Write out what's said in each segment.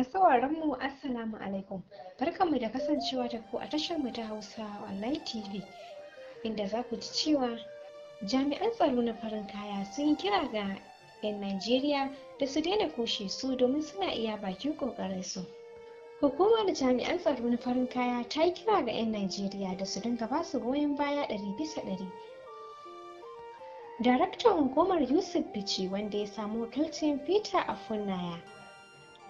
Masu mu Assalamu alaikum. mu da kasancewa da ku a tashar mu ta Hausa Online TV. Inda za ku ji cewa jami'an tsaro na farin kaya sun yi kira ga 'yan Najeriya da su daina kushe su domin suna iya bakin kokarin su. Hukumar jami'an tsaro na farin kaya ta yi kira ga 'yan Najeriya da su dinga ba su goyon baya ɗari bisa ɗari. Daraktan hukumar Yusuf Bichi wanda ya samu wakilcin Peter Afunaya.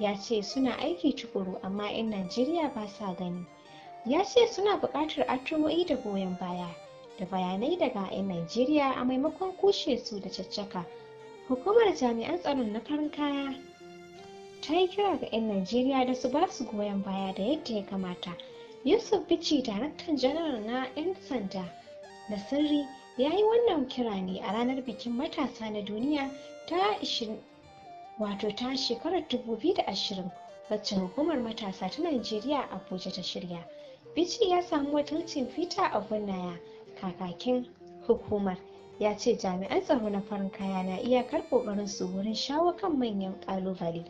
ya ce suna aiki tukuru amma 'yan najeriya ba sa gani ya ce suna buƙatar addu'o'i da goyon baya da bayanai daga 'yan najeriya a maimakon kushe su da caccaka hukumar jami'an tsaron na farin kaya ta yi kira ga 'yan najeriya da su ba su goyon baya da yadda ya kamata yusuf Bichi, daraktan janar na 'yan sanda na sirri ya yi wannan kira ne a ranar bikin matasa na duniya ta wato ta shekarar ashirin, wacce hukumar matasa ta Najeriya Abuja ta shirya. Bichi ya samu wakilcin a kunnaya kakakin hukumar ya ce jami'an tsaro na farin kaya na iyakar kokarin su wurin shawo kan manyan ƙalubale.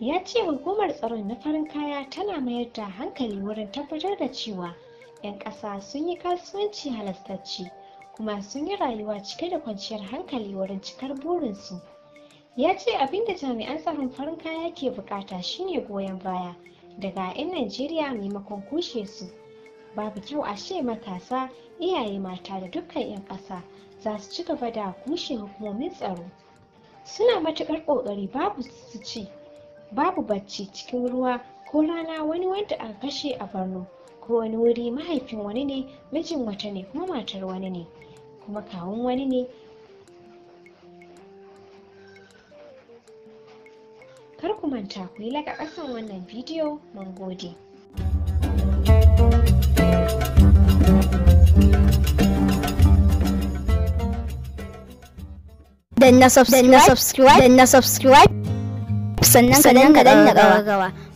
Ya ce hukumar tsaron na farin kaya tana mayar da hankali wurin tabbatar da cewa 'yan ƙasa sun yi kasuwanci halastacci kuma sun yi rayuwa cike da kwanciyar hankali wurin cikar burinsu. ya ce abinda jami'an tsaron farin kaya ke bukata shine goyon baya daga 'yan najeriya maimakon kushe su babu kyau a ce matasa iyaye mata da dukkan 'yan ƙasa za su ci gaba da kushe hukumomin tsaro suna matuƙar ƙoƙari babu su ci babu bacci cikin ruwa ko rana wani wanda aka kashe a borno ko wani wuri mahaifin wani ne mijin wata ne kuma matar wani ne kuma kawun wani ne kar ku manta ku yi laka ƙasan wannan bidiyo mun gode Dan na subscribe, dan na subscribe, sannan ka danna gawa gawa.